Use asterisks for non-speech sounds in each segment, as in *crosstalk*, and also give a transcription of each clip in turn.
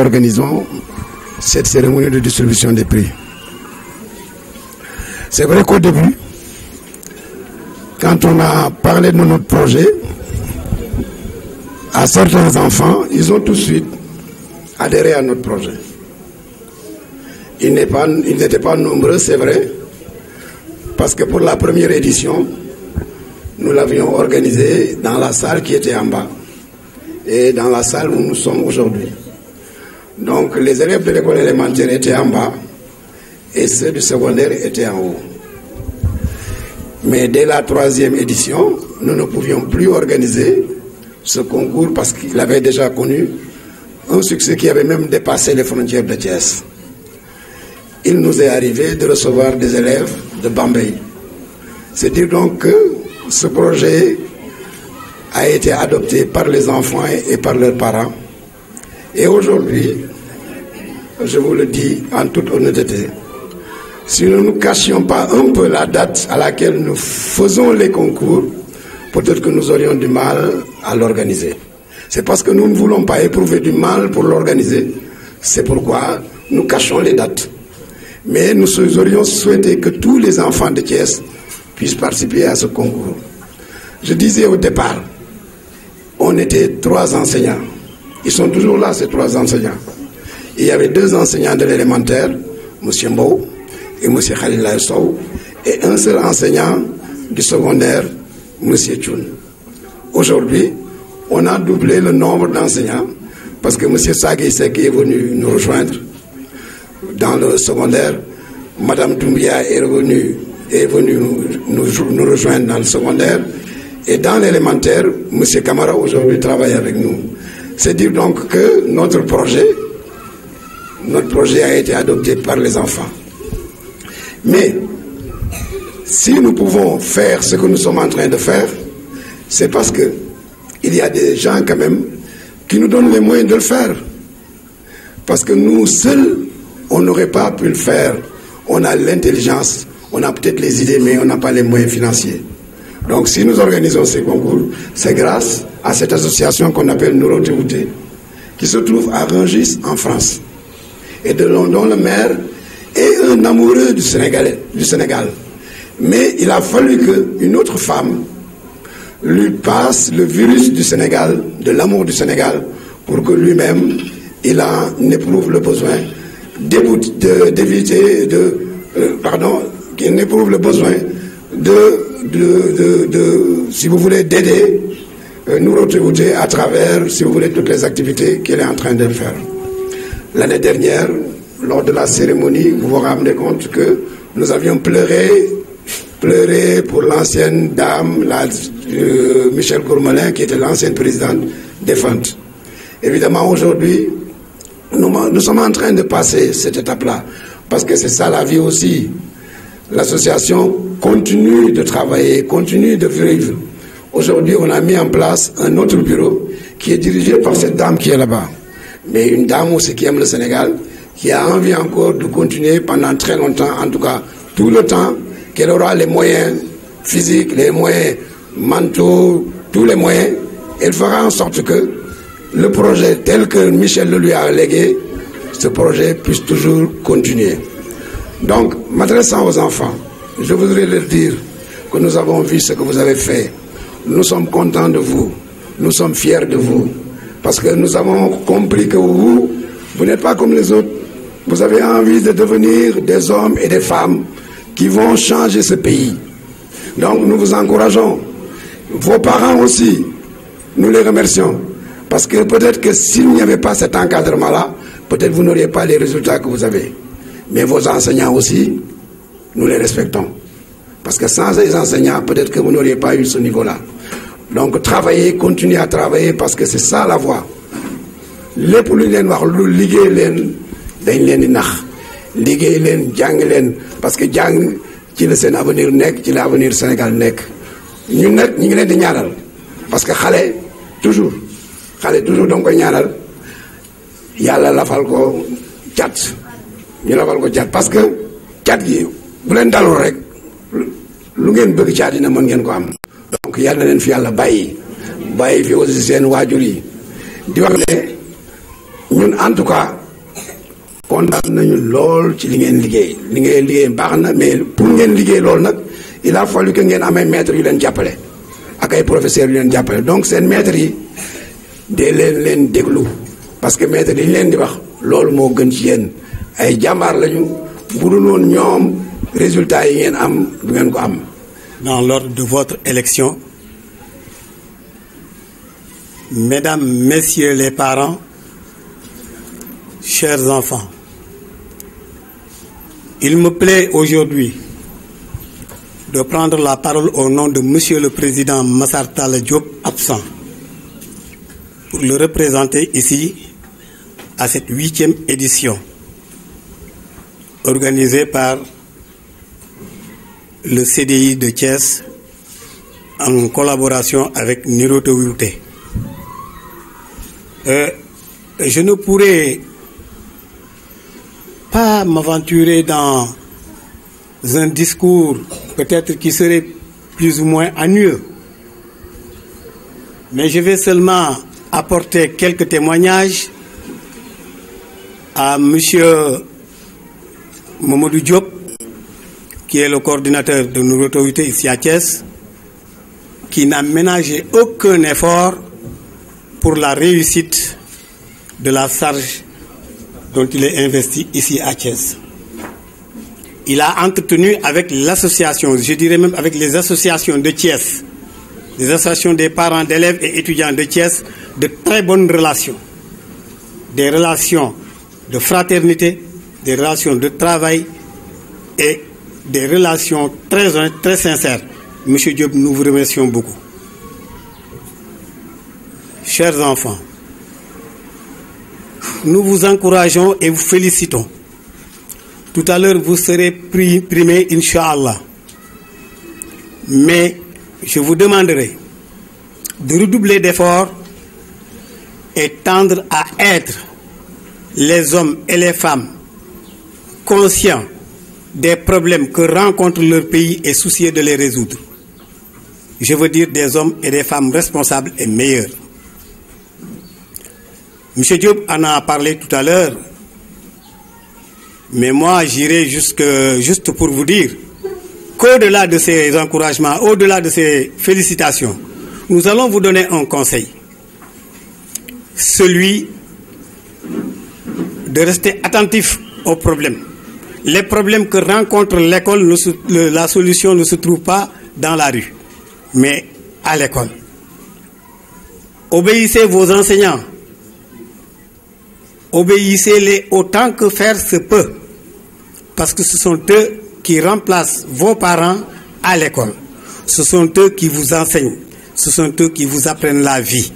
organisons cette cérémonie de distribution des prix. C'est vrai qu'au début, quand on a parlé de notre projet, à certains enfants, ils ont tout de suite adhéré à notre projet. Ils n'étaient pas, pas nombreux, c'est vrai, parce que pour la première édition, nous l'avions organisé dans la salle qui était en bas et dans la salle où nous sommes aujourd'hui. Donc les élèves de l'école élémentaire étaient en bas et ceux du secondaire étaient en haut. Mais dès la troisième édition, nous ne pouvions plus organiser ce concours parce qu'il avait déjà connu un succès qui avait même dépassé les frontières de Thiès. Il nous est arrivé de recevoir des élèves de Bambay. C'est dire donc que ce projet a été adopté par les enfants et par leurs parents. Et aujourd'hui, je vous le dis en toute honnêteté, si nous ne cachions pas un peu la date à laquelle nous faisons les concours, peut-être que nous aurions du mal à l'organiser. C'est parce que nous ne voulons pas éprouver du mal pour l'organiser. C'est pourquoi nous cachons les dates. Mais nous aurions souhaité que tous les enfants de Thiès puissent participer à ce concours. Je disais au départ, on était trois enseignants. Ils sont toujours là, ces trois enseignants. il y avait deux enseignants de l'élémentaire, M. Mbou et M. Khalil Sow, et un seul enseignant du secondaire, M. Tchoun Aujourd'hui, on a doublé le nombre d'enseignants parce que M. Sagi qui est venu nous rejoindre dans le secondaire. Mme Doumbia est revenue est venu nous, rejoindre dans le secondaire. Et dans l'élémentaire, M. Kamara aujourd'hui travaille avec nous. C'est dire donc que notre projet, notre projet a été adopté par les enfants. Mais si nous pouvons faire ce que nous sommes en train de faire, c'est parce que il y a des gens quand même qui nous donnent les moyens de le faire. Parce que nous seuls, on n'aurait pas pu le faire. On a l'intelligence, on a peut-être les idées, mais on n'a pas les moyens financiers. Donc si nous organisons ces concours, c'est grâce à cette association qu'on appelle Débouté, qui se trouve à Rangis, en France, et de London le maire est un amoureux du, du Sénégal. Mais il a fallu qu'une autre femme lui passe le virus du Sénégal, de l'amour du Sénégal, pour que lui-même, il en éprouve le besoin d'éviter, de, euh, pardon, qu'il n'éprouve le besoin de de, si vous voulez, d'aider euh, nous retrouver à travers, si vous voulez, toutes les activités qu'elle est en train de faire. L'année dernière, lors de la cérémonie, vous vous rendez compte que nous avions pleuré, pleuré pour l'ancienne dame, la, euh, Michel Gourmelin, qui était l'ancienne présidente défunte. Évidemment, aujourd'hui, nous, nous sommes en train de passer cette étape-là, parce que c'est ça la vie aussi. L'association continue de travailler, continue de vivre. Aujourd'hui, on a mis en place un autre bureau qui est dirigé par cette dame qui est là-bas. Mais une dame aussi qui aime le Sénégal, qui a envie encore de continuer pendant très longtemps, en tout cas tout le temps, qu'elle aura les moyens physiques, les moyens mentaux, tous les moyens. Elle fera en sorte que le projet tel que Michel le lui a légué, ce projet puisse toujours continuer. Donc, m'adressant aux enfants, je voudrais leur dire que nous avons vu ce que vous avez fait. Nous sommes contents de vous. Nous sommes fiers de vous. Parce que nous avons compris que vous, vous n'êtes pas comme les autres. Vous avez envie de devenir des hommes et des femmes qui vont changer ce pays. Donc nous vous encourageons. Vos parents aussi, nous les remercions. Parce que peut-être que s'il n'y avait pas cet encadrement-là, peut-être vous n'auriez pas les résultats que vous avez. Mais vos enseignants aussi, nous les respectons. Parce que sans les enseignants, peut-être que vous n'auriez pas eu ce niveau-là. Donc travaillez, continuez à travailler parce que c'est ça la voie. Les lu vont liguer wax lu liggéey leen dañ leen di parce que jàng ci le seen avenir nek, ci l'avenir Sénégal nek. ñun nag ñu ngi leen di ñaanal parce que chale, toujours chale toujours danga koy ñaanal a la ko chat. ñu labal ko cat parce que cat gi bu leen dalul rek lu ngeen bëgg cat yi na mën ngeen ko am. donc yàlla na leen fi yàlla bàyyi bàyyi fi aussi seen waajur yi di wax ne ñun en tout cas kontaan nañu lool ci li ngeen liggéey li ngeen liggéey baax na mais pour ngeen liggéey loolu nag il a fallu que ngeen amay maîtres yu leen jàppale ak ay professeurs yu leen jàppale donc seen maîtres yi de leen leen déglu parce que maîtres yi ñu leen di wax loolu moo gën ci yéen. dans l'ordre de votre élection mesdames messieurs les parents chers enfants il me plaît aujourd'hui de prendre la parole au nom de monsieur le président Massar Diop absent pour le représenter ici à cette huitième édition organisé par le CDI de Thiès en collaboration avec Niroto euh, je ne pourrais pas m'aventurer dans un discours peut-être qui serait plus ou moins annuel, mais je vais seulement apporter quelques témoignages à Monsieur Mamadou Diop, qui est le coordinateur de nos autorités ici à Thiès, qui n'a ménagé aucun effort pour la réussite de la charge dont il est investi ici à Thiès. Il a entretenu avec l'association, je dirais même avec les associations de Thiès, les associations des parents d'élèves et étudiants de Thiès, de très bonnes relations. Des relations de fraternité, des relations de travail et des relations très, très sincères. Monsieur Diop, nous vous remercions beaucoup. Chers enfants, nous vous encourageons et vous félicitons. Tout à l'heure, vous serez primés, Inch'Allah. Mais je vous demanderai de redoubler d'efforts et tendre à être les hommes et les femmes conscients des problèmes que rencontre leur pays et soucieux de les résoudre. Je veux dire des hommes et des femmes responsables et meilleurs. M. Diop en a parlé tout à l'heure, mais moi j'irai juste pour vous dire qu'au-delà de ces encouragements, au-delà de ces félicitations, nous allons vous donner un conseil. Celui de rester attentif aux problèmes les problèmes que rencontre l'école, la solution ne se trouve pas dans la rue, mais à l'école. Obéissez vos enseignants. Obéissez-les autant que faire se peut, parce que ce sont eux qui remplacent vos parents à l'école. Ce sont eux qui vous enseignent. Ce sont eux qui vous apprennent la vie.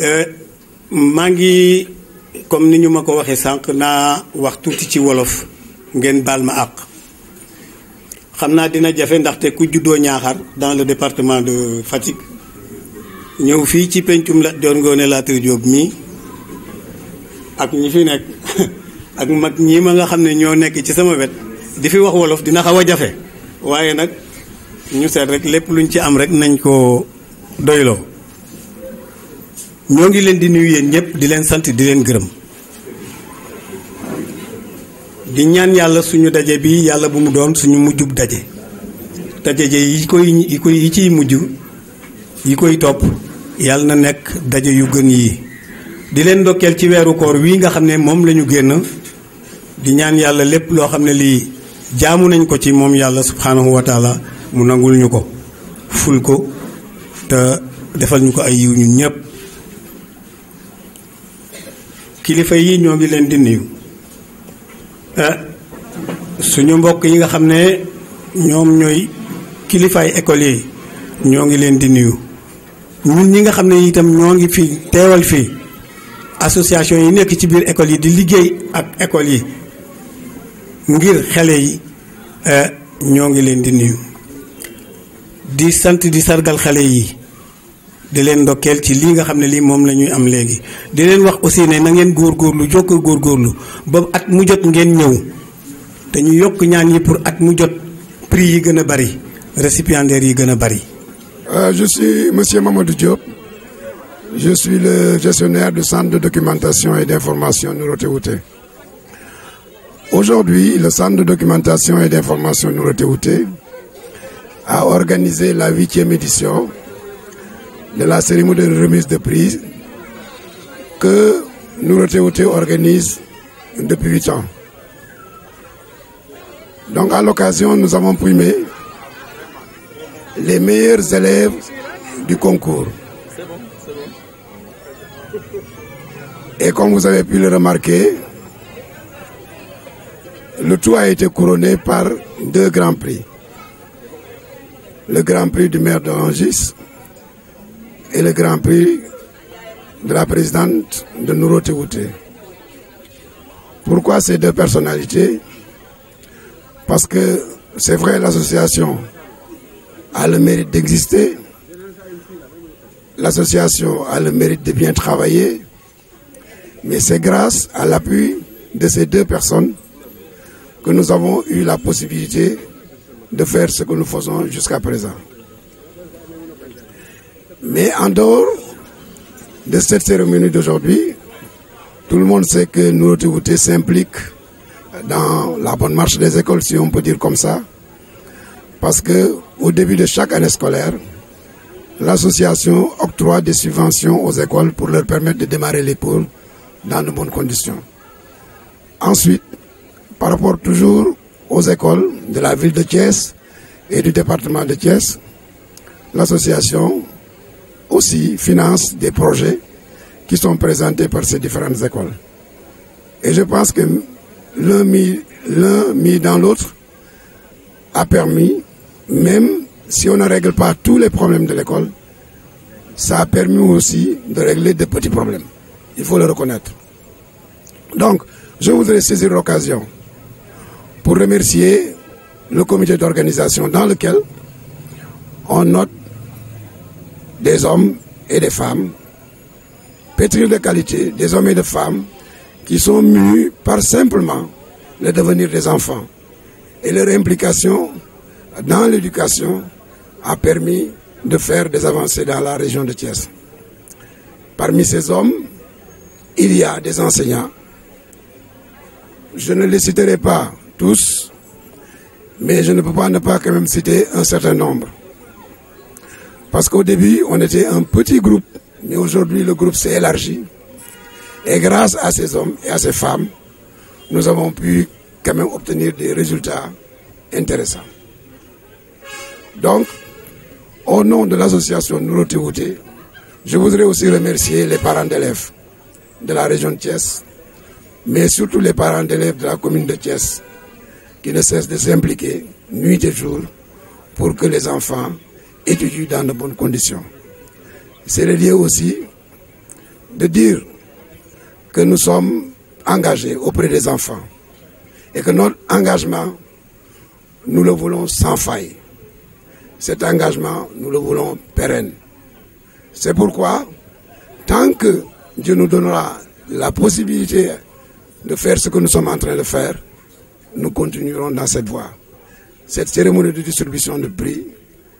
Euh, comme ni ñu ma ko waxee sànq naa wax tuuti ci wolof ngeen baal ma àq xam naa dina jafe ndaxte ku juddoo ñaaxar dans le département de Fatick ñëw fii ci pencum la doon Ngoné Latyr Diop mii ak ñi fi nekk *laughs* ak mag ñii ma nga xam ne ñoo nekk ci sama wet di fi wax wolof dina xaw a jafe waaye nag ñu seet rek lépp luñ ci am rek nañ ko doyloo ñoo ngi leen di nuyu yéen ñëpp di leen sant di leen gërëm di ñaan yàlla suñu daje bi yàlla bu mu doon suñu mujjub daje daje yi koy yi koy yi ciy mujj yi koy topp yàlla na nekk daje yu gën yi di leen ndokkeel ci weeru koor wii nga xam ne moom la ñu génn di ñaan yàlla lépp loo xam ne lii jaamu nañ ko ci moom yàlla subhanahu wa taala mu nangul ñu ful ko te defal ñu ay yiw ñun ñëpp kilifa yi ñoo ngi leen di nuyu eh, suñu mbokk yi nga xam ne ñoom ñooy kilifaay école yi ñoo ngi leen di nuyu ñun ñi nga xam ne itam ñoo ngi fi teewal fii association yi nekk ci biir école yi di liggéey ak école yi ngir xale yi eh, ñoo ngi leen di nuyu di sant di sargal xale yi di leen ndokkeel ci lii nga xam ne lii moom la ñuy am léegi di leen wax aussi ne na ngeen góorgóorlu jokk góorgóorlu ba at mu jot ngeen ñëw te ñu yokk ñaan yi pour at mu jot prix yi gën a bari récipiendaire yi gën a bari. Euh, je suis monsieur Mamadou Diop je suis le gestionnaire du centre de documentation et d'information Nouroté Wouté. Aujourd'hui, le centre de documentation et d'information Nouroté Wouté a organisé la huitième édition de la cérémonie de remise de prix que nous, TOT, organise depuis 8 ans. Donc à l'occasion, nous avons primé les meilleurs élèves du concours. Et comme vous avez pu le remarquer, le tout a été couronné par deux grands prix. Le grand prix du maire de Angis et le Grand Prix de la présidente de Nouro Pourquoi ces deux personnalités Parce que c'est vrai, l'association a le mérite d'exister, l'association a le mérite de bien travailler, mais c'est grâce à l'appui de ces deux personnes que nous avons eu la possibilité de faire ce que nous faisons jusqu'à présent. Mais en dehors de cette cérémonie d'aujourd'hui, tout le monde sait que notre s'implique s'implique dans la bonne marche des écoles, si on peut dire comme ça, parce que au début de chaque année scolaire, l'association octroie des subventions aux écoles pour leur permettre de démarrer les cours dans de bonnes conditions. Ensuite, par rapport toujours aux écoles de la ville de Thiès et du département de Thiès, l'association aussi finance des projets qui sont présentés par ces différentes écoles. Et je pense que l'un mis dans l'autre a permis, même si on ne règle pas tous les problèmes de l'école, ça a permis aussi de régler des petits problèmes. Il faut le reconnaître. Donc, je voudrais saisir l'occasion pour remercier le comité d'organisation dans lequel on note des hommes et des femmes, pétrir de qualité, des hommes et des femmes qui sont mûs par simplement le devenir des enfants. Et leur implication dans l'éducation a permis de faire des avancées dans la région de Thiès. Parmi ces hommes, il y a des enseignants. Je ne les citerai pas tous, mais je ne peux pas ne pas quand même citer un certain nombre. Parce qu'au début, on était un petit groupe, mais aujourd'hui, le groupe s'est élargi. Et grâce à ces hommes et à ces femmes, nous avons pu quand même obtenir des résultats intéressants. Donc, au nom de l'association Vouté, je voudrais aussi remercier les parents d'élèves de la région de Thiès, mais surtout les parents d'élèves de la commune de Thiès, qui ne cessent de s'impliquer nuit et jour pour que les enfants étudie dans de bonnes conditions. C'est le lieu aussi de dire que nous sommes engagés auprès des enfants et que notre engagement, nous le voulons sans faille. Cet engagement, nous le voulons pérenne. C'est pourquoi, tant que Dieu nous donnera la possibilité de faire ce que nous sommes en train de faire, nous continuerons dans cette voie. Cette cérémonie de distribution de prix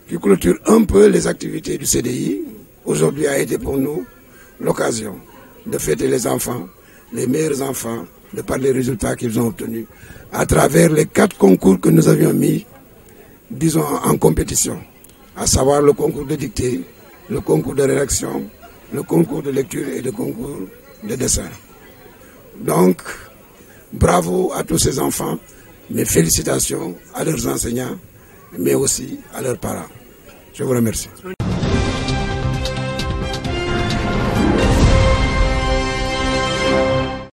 qui clôture un peu les activités du CDI, aujourd'hui a été pour nous l'occasion de fêter les enfants, les meilleurs enfants, de parler des résultats qu'ils ont obtenus à travers les quatre concours que nous avions mis, disons, en compétition, à savoir le concours de dictée, le concours de rédaction, le concours de lecture et le concours de dessin. Donc, bravo à tous ces enfants, mes félicitations à leurs enseignants, mais aussi à leurs parents. Je vous remercie.